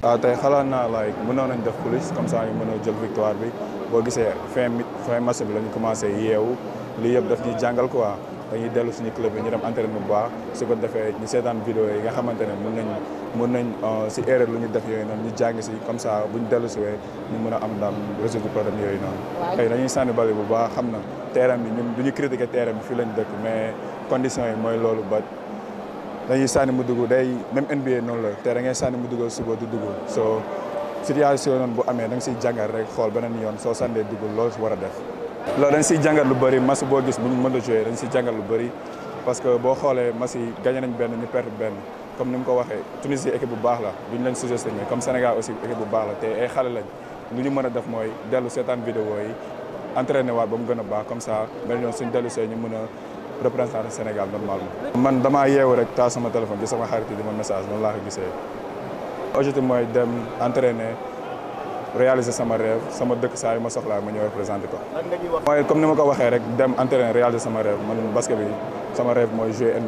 waaw ah, tey xalaat naa like mënoon nañ def police comme ça ñu mën a jël victoire bi boo gisee fin mi fin match bi lañu ñu commencé yeewu lii yëpp daf ñuy jàngal quoi dañuy dellu suñu club yi ñu dem entraînement bu baax su ko defee ñu seetaan vidéo yi nga xamante ne mën nañ mën nañ euh, si erreur lu ñu def yooyu noonu ñu jàng si comme ça buñ dellu si wee ñu mën a am daam résoudre problème yooyu noonu. tey dañuy sànni bali bu baax xam na terrain bi ñun du ñu critiquer terrain bi fii lañ dëkk mais conditions yi mooy loolu ba. dañuy sànni mu dugg day même NBA noonu la te da ngay sànni mu duggal suba du so situation noonu bu amee da nga siy rek xool beneen yoon so sànnee dugg loo war a def loolu dañ siy jàngat lu bëri mas bo gis bu ñu mën a joué dañ siy jàngat lu bëri parce que boo xoolee mas yi gagné nañ benn ñu perte benn comme ni mu ko waxee Tunisie équipe bu baax la duñ leen sous-estimé comme Sénégal aussi équipe bu baax la te ay xale lañ lu ñu mën def mooy dellu seetaan vidéo yi entraîné waat ba mu baax comme ça mel ñoon suñ dellu ñu représentant Sénégal normalement. man damaa yeewu rek taal sama téléphone gis sama xarit di ma message noonu laa ko gisee objectif mooy dem sama rêve sama dëkk saa ma soxlaa ma ñëw représenté ko. mooy comme ni ma ko waxee rek dem entraîner sama rêve man basket bi sama rêve mooy jouer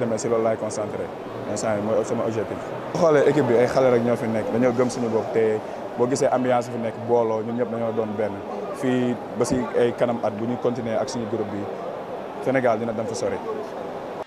demee si loolu laay concentré instant yii mooy sama objectif. boo xoolee équipe bi ay xale rek ñoo fi nekk dañoo gëm suñu bopp te boo gisee ambiance fi nekk booloo ñun ñëpp dañoo doon benn fii ba si ay kanam at bu ñu continuer ak suñu groupe bi. Sénégal dina dem fa sori